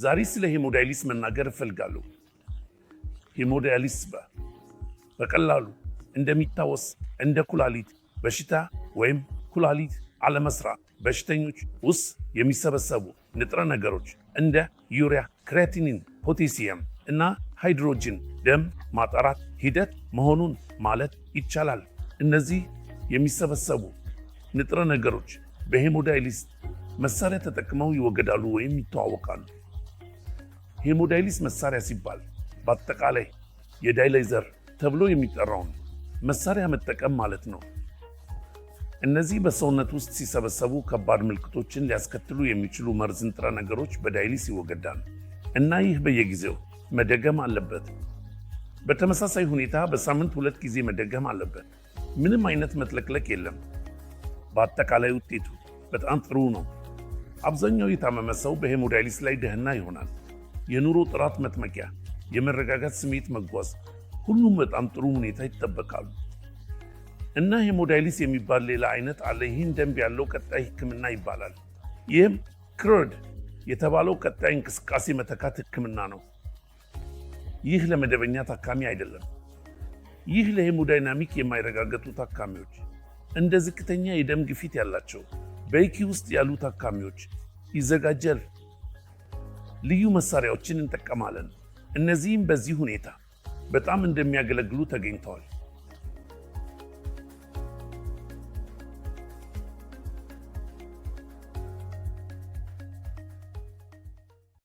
ዛሬ ስለ ሄሞዳያሊስ መናገር እፈልጋለሁ። ሄሞዳያሊስ በቀላሉ እንደሚታወስ እንደ ኩላሊት በሽታ ወይም ኩላሊት አለመስራት በሽተኞች ውስጥ የሚሰበሰቡ ንጥረ ነገሮች እንደ ዩሪያ፣ ክሬቲኒን፣ ፖቴሲየም እና ሃይድሮጅን ደም ማጣራት ሂደት መሆኑን ማለት ይቻላል። እነዚህ የሚሰበሰቡ ንጥረ ነገሮች በሄሞዳያሊስ መሳሪያ ተጠቅመው ይወገዳሉ ወይም ይተዋወቃሉ። ሄሞዳይሊስ መሳሪያ ሲባል በአጠቃላይ የዳይላይዘር ተብሎ የሚጠራውን መሳሪያ መጠቀም ማለት ነው። እነዚህ በሰውነት ውስጥ ሲሰበሰቡ ከባድ ምልክቶችን ሊያስከትሉ የሚችሉ መርዝ ንጥረ ነገሮች በዳይሊስ ይወገዳል እና ይህ በየጊዜው መደገም አለበት። በተመሳሳይ ሁኔታ በሳምንት ሁለት ጊዜ መደገም አለበት። ምንም አይነት መጥለቅለቅ የለም። በአጠቃላይ ውጤቱ በጣም ጥሩ ነው። አብዛኛው የታመመ ሰው በሄሞዳይሊስ ላይ ደህና ይሆናል። የኑሮ ጥራት መጥመቂያ፣ የመረጋጋት ስሜት መጓዝ፣ ሁሉም በጣም ጥሩ ሁኔታ ይጠበቃሉ። እና ሄሞዳይሊስ የሚባል ሌላ አይነት አለ። ይህን ደንብ ያለው ቀጣይ ህክምና ይባላል። ይህም ክሮድ የተባለው ቀጣይ እንቅስቃሴ መተካት ህክምና ነው። ይህ ለመደበኛ ታካሚ አይደለም። ይህ ለሄሞዳይናሚክ የማይረጋገጡ ታካሚዎች፣ እንደ ዝቅተኛ የደም ግፊት ያላቸው በኢኪ ውስጥ ያሉ ታካሚዎች ይዘጋጃል። ልዩ መሳሪያዎችን እንጠቀማለን። እነዚህም በዚህ ሁኔታ በጣም እንደሚያገለግሉ ተገኝተዋል።